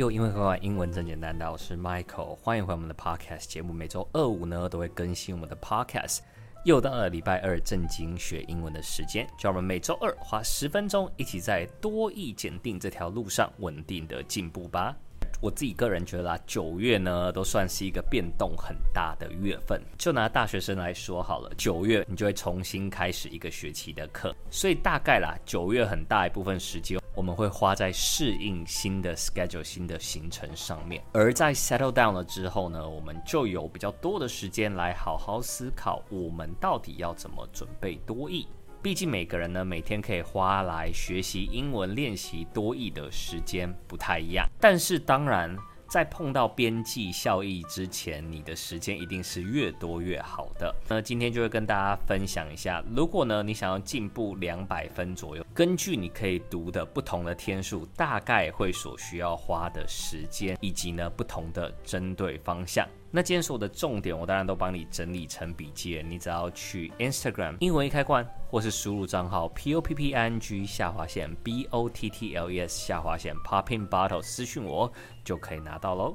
又因為會玩英文真簡單的，我是 Michael，歡迎回我們的 Podcast 節目。每周二五呢都會更新我們的 Podcast，又到了禮拜二正經學英文的時間，叫我們每周二花十分鐘一起在多義檢定這條路上穩定的進步吧。我自己個人覺得啦，九月呢都算是一個變動很大的月份。就拿大學生來說好了，九月你就會重新開始一個學期的課，所以大概啦，九月很大一部分時間。我們會花在適應新的 schedule、新的行程上面，而在 settle down 了之後呢，我們就有比較多的時間來好好思考我們到底要怎麼準備多益。畢竟每個人呢每天可以花來學習英文、練習多益的時間不太一樣，但是當然。在碰到邊際效益之前，你的時間一定是越多越好的。那今天就會跟大家分享一下，如果呢你想要進步兩百分左右，根據你可以讀的不同的天數，大概會所需要花的時間，以及呢不同的針對方向。那今天是我的重點，我當然都幫你整理成筆記。你只要去 Instagram 英文一開關，或是輸入賬號 p o p p i n g 下劃線 b o t t l e s 下劃線 popping bottle 私訊我，就可以拿到嘍。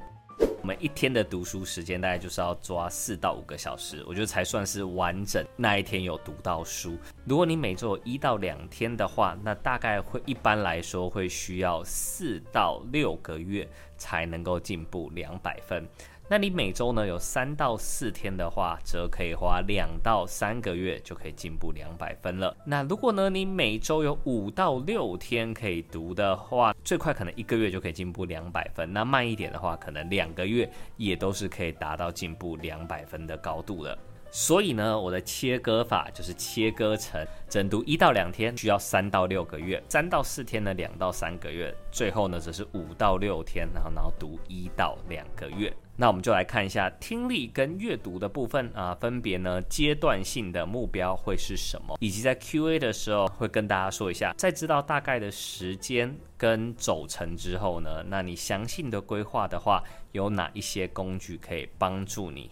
我們一天的讀書時間，大概就是要抓四到五個小時，我覺得才算是完整那一天有讀到書。如果你每周有一到兩天的話，那大概會一般來說會需要四到六個月才能夠進步兩百分。那你每周呢，有三到四天的話，則可以花兩到三個月就可以進步兩百分了。那如果呢，你每周有五到六天可以讀的話，最快可能一個月就可以進步兩百分。那慢一點的話，可能兩個月也都是可以達到進步兩百分的高度了。所以呢，我的切割法就是切割成整讀一到兩天，需要三到六個月，三到四天呢，兩到三個月；最後呢，則是五到六天，然後然後讀一到兩個月。那我們就來看一下聽力跟閱讀的部分啊，分別呢階段性的目標會是什麼，以及在 Q&A 的時候會跟大家說一下，在知道大概的時間跟走程之後呢，那你詳細的規劃的話，有哪一些工具可以幫助你？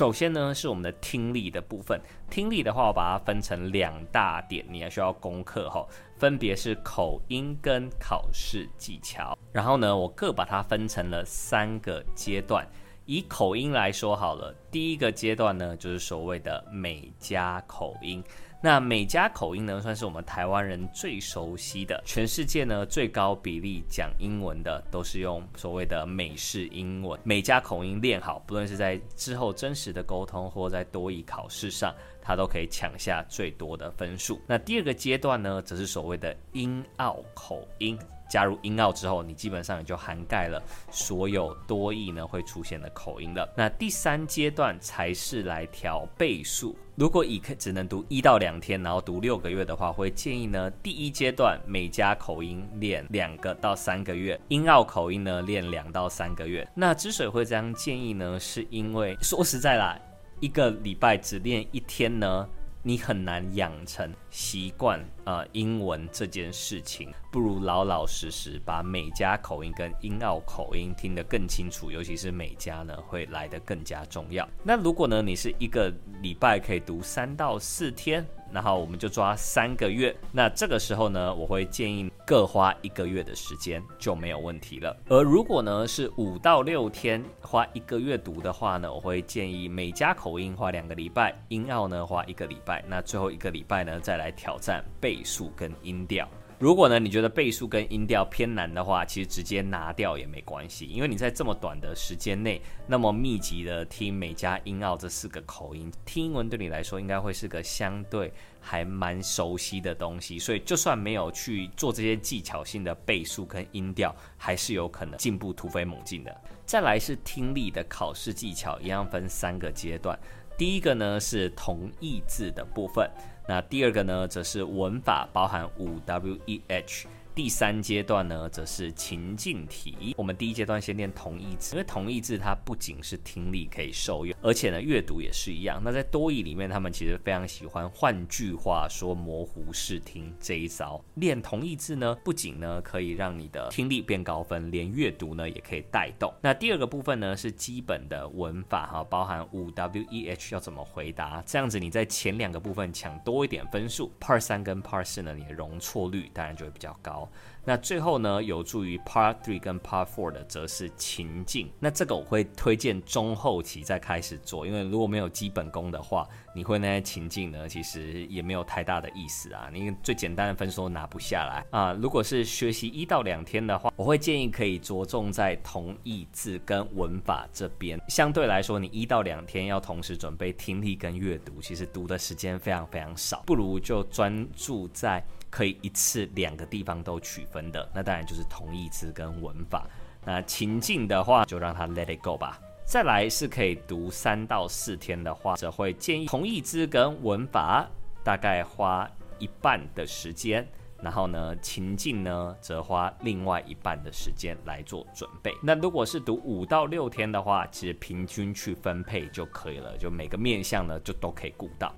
首先呢，是我們的聽力的部分。聽力的話，我把它分成兩大點，你還需要攻克吼，分別是口音跟考試技巧。然後呢，我各把它分成了三個階段。以口音來說好了，第一個階段呢，就是所謂的美加口音。那美加口音呢，算是我們台灣人最熟悉的。全世界呢，最高比例講英文的，都是用所謂的美式英文。美加口音練好，不論是在之後真實的溝通，或在多益考試上，它都可以搶下最多的分數。那第二個階段呢，則是所謂的英澳口音。加入英澳之後，你基本上也就涵蓋了所有多益呢會出現的口音了。那第三階段才是來調倍數。如果以只能讀一到兩天，然後讀六個月的話，會建議呢第一階段每家口音練兩個到三個月，英澳口音呢練兩到三個月。那之所以會這樣建議呢，是因為說實在啦，一個禮拜只練一天呢。你很難養成習慣，呃，英文這件事情，不如老老實實把美加口音跟英澳口音聽得更清楚，尤其是美加呢，會來得更加重要。那如果呢，你是一個禮拜可以讀三到四天。然後我們就抓三個月，那這個時候呢，我會建議各花一個月的時間就沒有問題了。而如果呢是五到六天花一個月讀的話呢，我會建議美加口音花兩個禮拜，英澳呢花一個禮拜，那最後一個禮拜呢再來挑戰倍速跟音調。如果呢，你覺得倍速跟音調偏難的話，其實直接拿掉也沒關係，因為你在這麼短的時間內，那麼密集的聽美加英澳這四個口音，聽英文對你來說應該會是個相對還蠻熟悉的東西，所以就算沒有去做這些技巧性的倍速跟音調，還是有可能進步突飛猛進的。再來是聽力的考試技巧，一樣分三個階段，第一個呢是同義字的部分。那第二個呢，則是文法，包含五 W 一 H。第三階段呢，則是情境題。我們第一階段先練同義字，因為同義字它不僅是聽力可以受用，而且呢，閱讀也是一樣。那在多益裡面，他們其實非常喜歡換句話說模糊視聽這一招。練同義字呢，不僅呢，可以讓你的聽力變高分，連閱讀呢，也可以帶動。那第二個部分呢，是基本的文法哈，包含五 W 一 H 要怎麼回答。這樣子你在前兩個部分搶多一點分數，Part 三跟 Part 四呢，你的容錯率當然就會比較高。那最後呢，有助於 Part Three 跟 Part Four 的，則是情境。那這個我會推薦中後期再開始做，因為如果沒有基本功的話，你會那些情境呢，其實也沒有太大的意思啊。你最簡單的分數都拿不下來啊。如果是學習一到兩天的話，我會建議可以着重在同義字跟文法這邊。相對來說，你一到兩天要同時準備聽力跟閱讀，其實讀的時間非常非常少，不如就專注在。可以一次兩個地方都取分的，那當然就是同義詞跟文法。那情境的話，就讓他 let it go 吧。再來是可以讀三到四天的話，則會建議同義詞跟文法大概花一半的時間，然後呢情境呢則花另外一半的時間來做準備。那如果是讀五到六天的話，其實平均去分配就可以了，就每個面向呢就都可以顧到。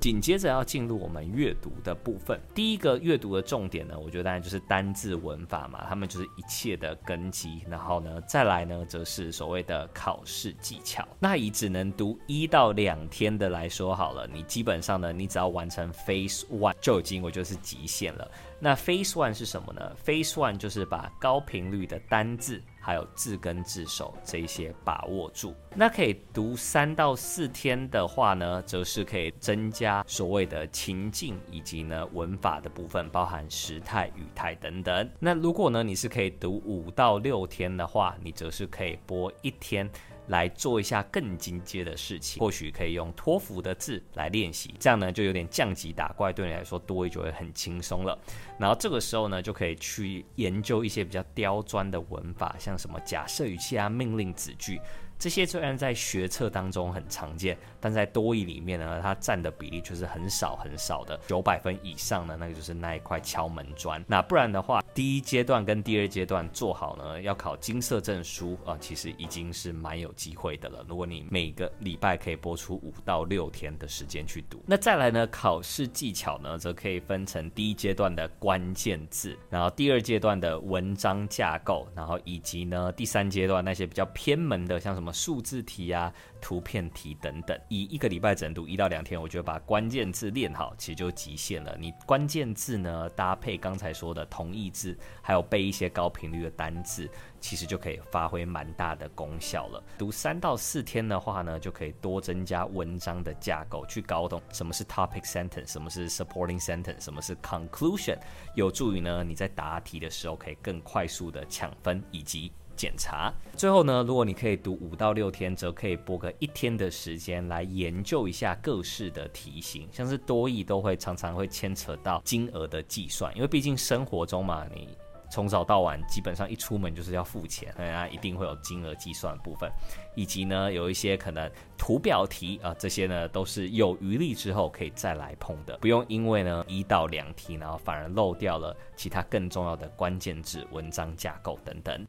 緊接着要進入我們閱讀的部分。第一個閱讀的重點呢，我覺得當然就是單字文法嘛，他們就是一切的根基。然後呢，再來呢，則是所謂的考試技巧。那以只能讀一到兩天的來說好了，你基本上呢，你只要完成 Phase One 就已經，我覺得是極限了。那 Phase One 是什麼呢？Phase One 就是把高頻率的單字。還有字根字首這一些把握住，那可以讀三到四天的話呢，則是可以增加所謂的情境以及呢文法的部分，包含時態、語態等等。那如果呢你是可以讀五到六天的話，你則是可以播一天。來做一下更進階的事情，或許可以用托福的字來練習，這樣呢就有點降級打怪，對你來說多益就會很輕鬆了。然後這個時候呢，就可以去研究一些比較刁鑽的文法，像什麼假設語氣啊、命令子句。這些雖然在學測當中很常見，但在多益裡面呢，它佔的比例卻是很少很少的。九百分以上呢，那個就是那一塊敲門磚。那不然的話，第一階段跟第二階段做好呢，要考金色證書啊，其實已經是蠻有機會的了。如果你每個禮拜可以播出五到六天的時間去讀，那再來呢，考試技巧呢，則可以分成第一階段的關鍵字，然後第二階段的文章架構，然後以及呢，第三階段那些比較偏門的，像什麼。數字題啊，圖片題等等，以一個禮拜只能讀一到兩天，我覺得把關鍵字練好，其實就極限了。你關鍵字呢，搭配剛才說的同義字，還有背一些高頻率的單字，其實就可以發揮蠻大的功效了。讀三到四天的話呢，就可以多增加文章的架構，去搞懂什麼是 topic sentence，什麼是 supporting sentence，什麼是 conclusion，有助於呢你在答題的時候可以更快速的搶分，以及。檢查。最後呢，如果你可以讀五到六天，則可以撥個一天的時間來研究一下各式的題型，像是多益都會常常會牽扯到金額的計算，因為畢竟生活中嘛，你從早到晚基本上一出門就是要付錢，人家一定會有金額計算的部分，以及呢有一些可能圖表題啊，這些呢都是有餘力之後可以再來碰的，不用因為呢一到兩題，然後反而漏掉了其他更重要的關鍵字、文章架構等等。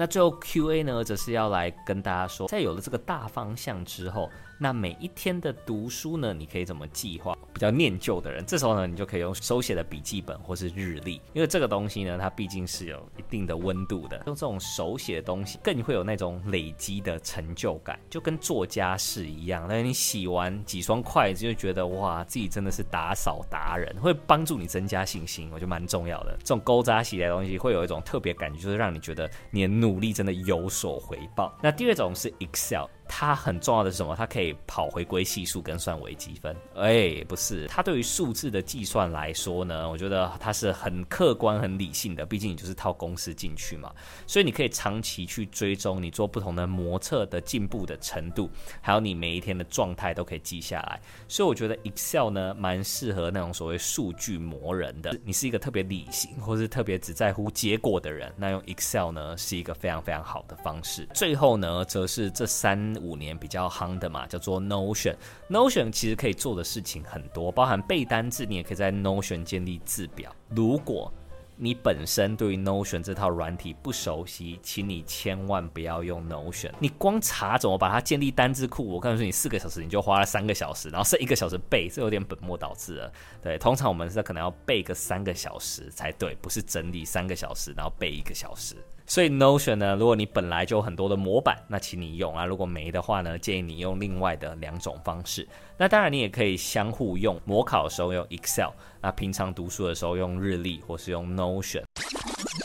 那最後 Q&A 呢，則是要來跟大家說，在有了這個大方向之後，那每一天的讀書呢，你可以怎麼計劃？比較念舊的人，這時候呢，你就可以用手寫的筆記本或是日曆，因為這個東西呢，它畢竟是有一定的溫度的。用這種手寫的東西，更會有那種累積的成就感，就跟做家事一樣。那你洗完幾雙筷子，就覺得哇，自己真的是打掃達人，會幫助你增加信心，我覺得蠻重要的。這種勾扎起來的東西，會有一種特別感覺，就是讓你覺得你的努力真的有所回報。那第二種是 Excel。它很重要的是什麼？它可以跑回歸係數跟算微積分。誒、欸，不是，它對於數字的計算來說呢，我覺得它是很客觀、很理性的。畢竟你就是套公式進去嘛，所以你可以長期去追蹤你做不同的模測的進步的程度，還有你每一天的狀態都可以記下來。所以我覺得 Excel 呢，蠻適合那種所謂數據魔人的。你是一個特別理性，或是特別只在乎結果的人，那用 Excel 呢，是一個非常非常好的方式。最後呢，則是這三五年比較夯的嘛，叫做 Notion。Notion 其實可以做的事情很多，包含背單字。你也可以在 Notion 建立字表。如果你本身對於 Notion 這套軟體不熟悉，請你千萬不要用 Notion。你光查怎麼把它建立單字庫，我告訴你四個小時，你就花了三個小時，然後剩一個小時背，這有點本末倒置了。對，通常我們是可能要背個三個小時才對，不是整理三個小時，然後背一個小時。所以 Notion 呢，如果你本來就有很多的模板，那請你用啊。如果沒的話呢，建議你用另外的兩種方式。那當然，你也可以相互用。模考的時候用 Excel，那平常讀書的時候用日曆，或是用 Notion。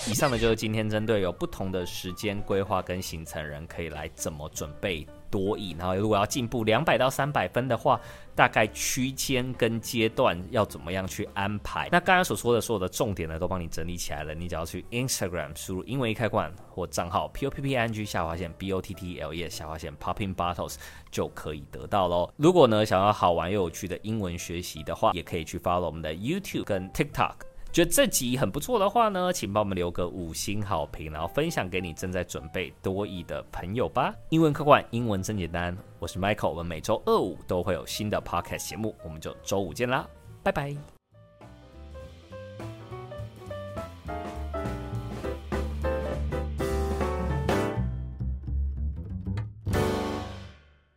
以上呢就是今天針對有不同的時間規劃跟行程人，可以來怎麼準備。多益，然後如果要進步兩百到三百分的話，大概區間跟階段要怎麼樣去安排？那剛剛所說的所有的重點呢，都幫你整理起來了。你只要去 Instagram 輸入英文易開罐或賬號 p o p p i n g 下劃線 b o t t l e 下劃線 popping bottles 就可以得到嘍。如果呢想要好玩又有趣的英文學習的話，也可以去 follow 我們的 YouTube 跟 TikTok。覺得這集很不錯的話呢，請幫我們留個五星好評，然後分享給你正在準備多益的朋友吧。英文易開罐，英文真簡單，我是 Michael，我們每週二五都會有新的 Podcast 節目，我們就週五見啦，拜拜。